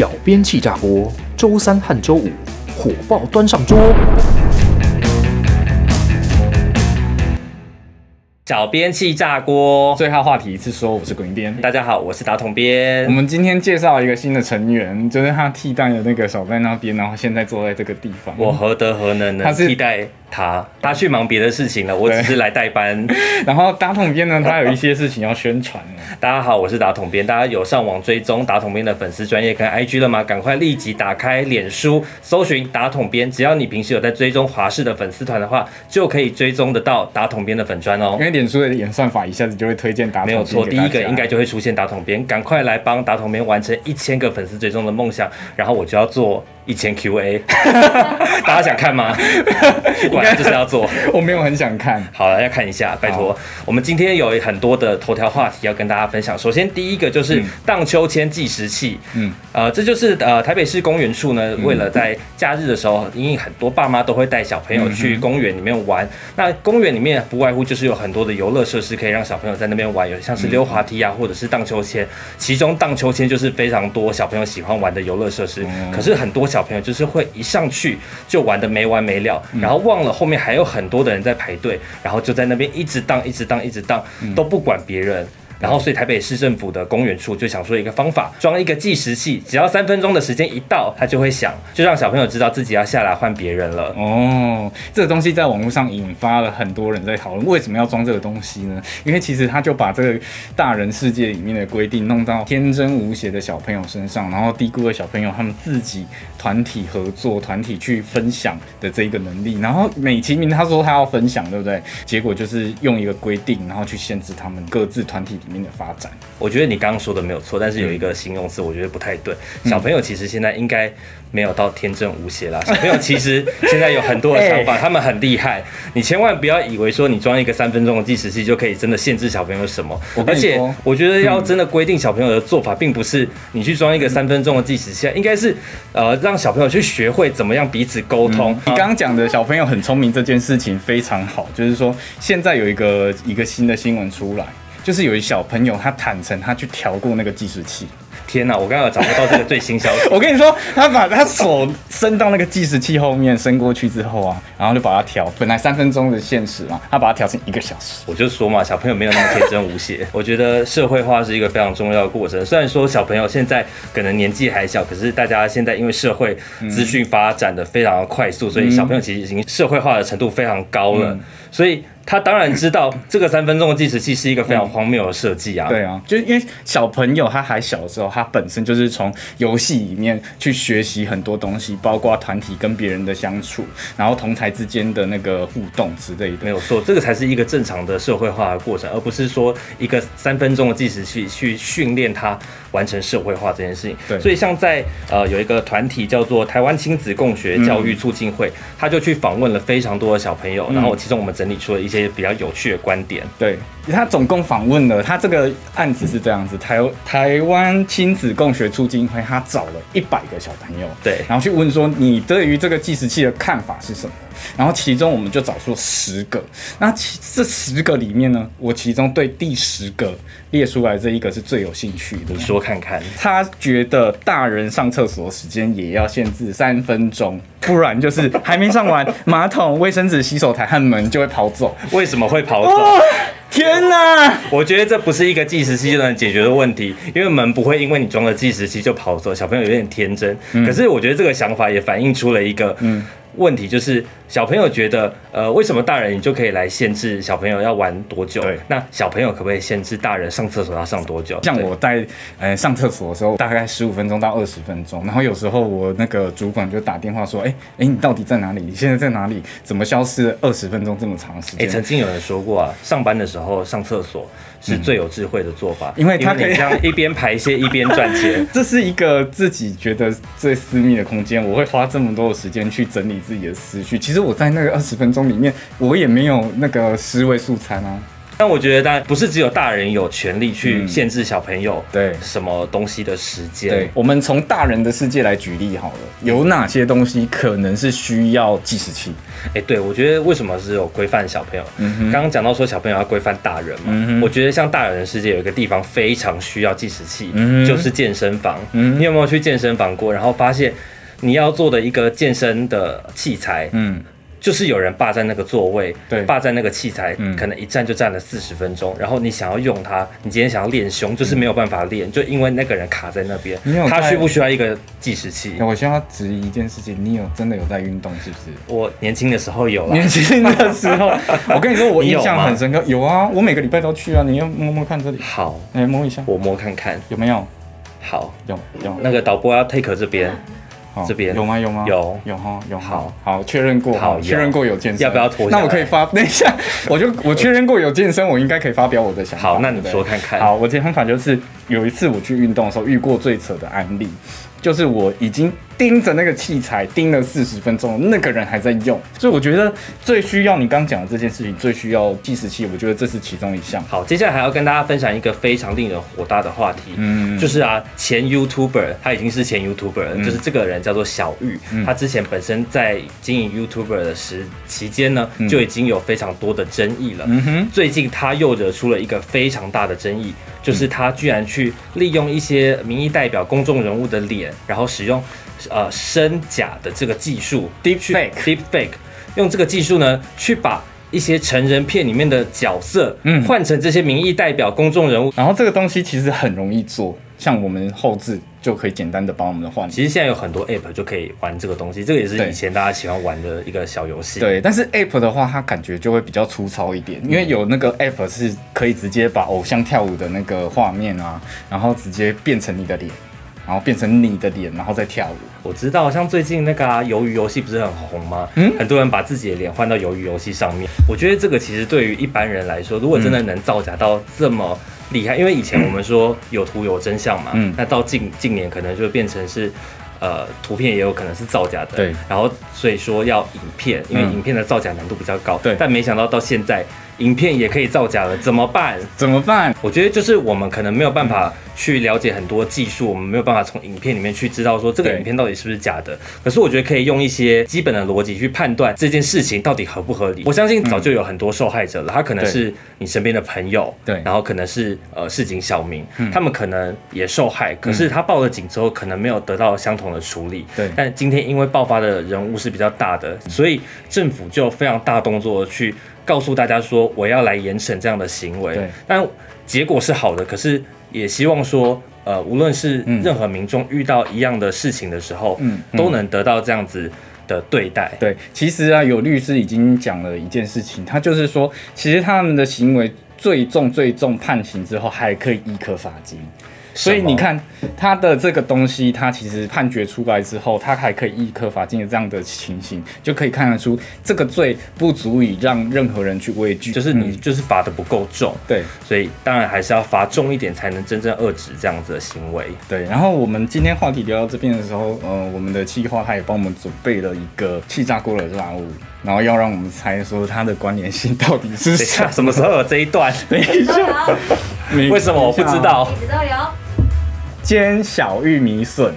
小編氣炸鍋，周三和周五火爆端上桌。小編氣炸鍋，最後，話題是說，我是滾一編，大家好，我是打統編。我們今天介紹一個新的成員，就是他替代了那個小在那邊，然後現在坐在這個地方。我何德何能能替代，他是期待他他去忙別的事情了，我只是來代班。 然後打統編呢，他有一些事情要宣傳了 大家好，我是打統編。大家有上網追蹤打統編的粉絲專頁跟 I G 了嗎？趕快立即打開臉書，搜尋打統編，只要你平時有在追蹤華視的粉絲團的話，就可以追蹤得到打統編的粉專哦。因為臉書的演算法一下子就會推薦打統編，沒有錯，第一個應該就會出現打統編，趕快來幫打統編完成一千個粉絲追蹤的夢想。然後我就要做。以前 Q&A， 大家想看嗎？應該就是要做。我沒有很想看。好了，要看一下，拜託。我們今天有很多的頭條話題要跟大家分享。首先，第一個就是盪秋千計時器。嗯，呃，這就是呃台北市公園處呢、嗯，為了在假日的時候，因為很多爸媽都會帶小朋友去公園裡面玩。嗯、那公園裡面不外乎就是有很多的遊樂設施可以讓小朋友在那邊玩，有像是溜滑梯啊或者是盪秋千。其中盪秋千就是非常多小朋友喜歡玩的遊樂設施、嗯，可是很多小小朋友就是會一上去就玩得沒完沒了、嗯，然後忘了後面還有很多的人在排隊，然後就在那邊一直盪，一直盪，一直盪、嗯，都不管別人。然後，所以台北市政府的公園處就想說一個方法，裝一個計時器，只要三分鐘的時間一到，它就會響，就讓小朋友知道自己要下來換別人了。哦，這個東西在網絡上引發了很多人在討論，為什麼要裝這個東西呢？因為其實他就把這個大人世界裡面的規定弄到天真無邪的小朋友身上，然後低估了小朋友他們自己團體合作、團體去分享的這一個能力。然後美其名他說他要分享，對不對？結果就是用一個規定，然後去限制他們各自團體的發展，我覺得你剛剛說的沒有錯，但是有一個形容詞我覺得不太對。小朋友其實現在應該沒有到天真無邪啦。小朋友其實現在有很多的想法，他們很厲害，你千萬不要以為說你裝一個三分鐘的計時器就可以真的限制小朋友什麼。而且我覺得要真的規定小朋友的做法，並不是你去裝一個三分鐘的計時器，應該是呃讓小朋友去學會怎麼樣彼此溝通。嗯，你剛剛講的小朋友很聰明這件事情非常好，就是說現在有一個一個新的新聞出來。就是有一小朋友，他坦承他去調過那個計時器。天吶、啊，我剛剛有找不到這個最新消息。 我跟你說，他把他手伸到那個計時器後面伸過去之後啊，然後就把它調。本來三分鐘的限時嘛，他把它調成一個小時。我就說嘛，小朋友沒有那麼天真無邪。 我覺得社會化是一個非常重要的過程。雖然說小朋友現在可能年紀還小，可是大家現在因為社會資訊發展得非常的快速、嗯，所以小朋友其實已經社會化的程度非常高了。嗯、所以。他當然知道這個三分鐘的計時器是一個非常荒謬的設計啊、嗯！對啊，就因為小朋友他還小的時候，他本身就是從遊戲裡面去學習很多東西，包括團體跟別人的相處，然後同儕之間的那個互動之類的。沒有錯，這個才是一個正常的社會化的過程，而不是說一個三分鐘的計時器去訓練他完成社會化這件事情。對，所以像在呃有一個團體叫做台灣親子共學教育促進會，嗯、他就去訪問了非常多的小朋友，嗯、然後其中我們整理出了一。一些比較有趣的觀點。對，他總共訪問了，他這個案子是這樣子，台台灣親子共學促進會，他找了一百個小朋友，對，然後去問說你對於這個計時器的看法是什麼？然後其中我們就找出十個，那其這十個裡面呢，我其中對第十個。列出來這一個是最有興趣的，你說看看。他覺得大人上廁所時間也要限制三分鐘，不然就是還沒上完， 馬桶、衛生紙、洗手台和門就會跑走。為什麼會跑走？哦，天哪！我覺得這不是一個計時器就能解決的問題，因為門不會因為你裝了計時器就跑走。小朋友有點天真。嗯，可是我覺得這個想法也反映出了一個嗯。問題就是小朋友覺得，呃，為什麼大人你就可以來限制小朋友要玩多久？對，那小朋友可不可以限制大人上廁所要上多久？像我在呃上廁所的時候，大概十五分鐘到二十分鐘，然後有時候我那個主管就打電話說，哎、欸、哎、欸，你到底在哪裡？你現在在哪裡？怎麼消失了二十分鐘這麼長時間，欸？曾經有人說過啊，上班的時候上廁所。是最有智慧的做法，因為它可以這樣一邊排泄一邊賺錢 這是一個自己覺得最私密的空間，我會花這麼多的時間去整理自己的思緒。其實我在那個二十分鐘裡面，我也沒有那個思維素材啊。但我覺得，但不是只有大人有權利去限制小朋友對什麼東西的時間、嗯。對，我們從大人的世界來舉例好了，有哪些東西可能是需要計時器？哎、欸，對，我覺得為什麼只有規範小朋友？剛剛講到說小朋友要規範大人嘛、嗯。我覺得像大人的世界有一個地方非常需要計時器、嗯，就是健身房、嗯。你有沒有去健身房過？然後發現你要做的一個健身的器材？嗯。就是有人霸占那個座位，對霸占那個器材、嗯，可能一站就站了四十分鐘。然後你想要用它，嗯、你今天想要練胸，就是沒有辦法練，就因為那個人卡在那邊。他需不需要一個計時器？我需要質疑一件事情：你有真的有在運動是不是？我年輕的時候有。年輕的時候， 我跟你說，我印象很深刻。有，有啊，我每個禮拜都去啊。你要摸摸看這裡。好，來、欸、摸一下。我摸看看有沒有？好，用用？那個導播要 take 這邊。嗯好，這邊有嗎？有嗎？有有哈有。好好，確認過，確認過有健身，要不要脫？那我可以發，等一下，我就我確認過有健身，我應該可以發表我的想法。好，那你說看看。好，我這方法就是。有一次我去運動的時候，遇過最扯的案例，就是我已經盯着那個器材，盯了四十分鐘，那個人還在用，所以我覺得最需要你剛講的這件事情，最需要計時器。我覺得這是其中一項。好，接下來還要跟大家分享一個非常令人火大的話題，嗯，就是啊，前 YouTuber 他已經是前 YouTuber，嗯，就是這個人叫做小玉，嗯，他之前本身在經營 YouTuber 的時期間呢，嗯，就已經有非常多的爭議了。嗯哼，最近他又惹出了一個非常大的爭議。就是他居然去利用一些民意代表公眾人物的臉，然後使用呃深假的這個技術 deepfake, （deepfake deepfake），用這個技術呢，去把一些成人片裡面的角色嗯，換成這些民意代表公眾人物，然後這個東西其實很容易做。像我們後製就可以簡單的幫我們換，其實現在有很多 app 就可以玩這個東西，這個也是以前大家喜歡玩的一個小遊戲。對，但是 app 的話，它感覺就會比較粗糙一點，嗯、因為有那個 app 是可以直接把偶像跳舞的那個畫面啊，然後直接變成你的臉，然後變成你的臉，然後再跳舞。我知道，像最近那個啊、魷魚遊戲不是很紅嗎？嗯，很多人把自己的臉換到魷魚遊戲上面。我覺得這個其實對於一般人來說，如果真的能造假到這麼、嗯。厲害，因為以前我們說有圖有真相嘛，嗯、那到近近年可能就變成是，呃，圖片也有可能是造假的，對，然後所以說要影片，因為影片的造假難度比較高，對、嗯嗯，但沒想到到現在。影片也可以造假了，怎麼辦？怎麼辦？我覺得就是我們可能沒有辦法去了解很多技術，嗯、我們沒有辦法從影片裡面去知道說這個影片到底是不是假的。可是我覺得可以用一些基本的邏輯去判斷這件事情到底合不合理。嗯、我相信早就有很多受害者了、嗯，他可能是你身邊的朋友，對，然後可能是呃市井小民、嗯，他們可能也受害，可是他報了警之後、嗯、可能沒有得到相同的處理。對，但今天因為爆發的人物是比較大的，所以政府就非常大動作去。告訴大家說，我要來嚴懲這樣的行為，對，但結果是好的。可是也希望說，呃，無論是任何民眾遇到一樣的事情的時候，嗯，都能得到這樣子的對待。嗯嗯、對，其實啊，有律師已經講了一件事情，他就是說，其實他們的行為最重最重，判刑之後還可以併科罰金。所以你看他的這個東西，他其實判決出來之後，他還可以易科罰金的這樣的情形，就可以看得出這個罪不足以讓任何人去畏懼，就是你就是罰得不夠重，嗯。對，所以當然還是要罰重一點，才能真正遏制這樣子的行為。對，然後我們今天話題聊到這邊的時候，呃，我們的企劃他也幫我們準備了一個氣炸鍋的禮物，然後要讓我們猜說他的關聯性到底是什麼？什麼時候有這一段？等一下為什麼我不知道？一直都有。煎小玉米筍。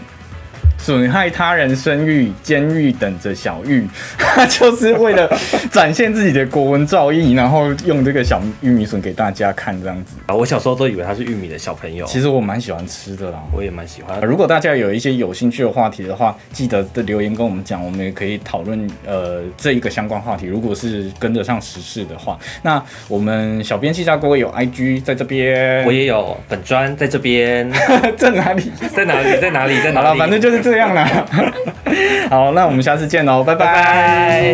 損害他人聲譽，監獄等着小玉，他就是為了展現自己的國文造詣，然後用這個小玉米筍給大家看這樣子啊。我小時候都以為他是玉米的小朋友，其實我蠻喜歡吃的啦。我也蠻喜歡。如果大家有一些有興趣的話題的話，記得的留言跟我們講，我們也可以討論。呃，這一個相關話題，如果是跟得上時事的話，那我們小編氣炸鍋有 IG 在這邊，我也有粉專在這邊， 在哪裡？在哪裡？在哪裡？在哪裡？反正就是這個。這樣啦，好，那我們下次見嘍，拜 拜！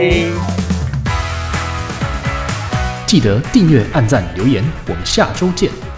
記得訂閱、按讚、留言，我們下週見。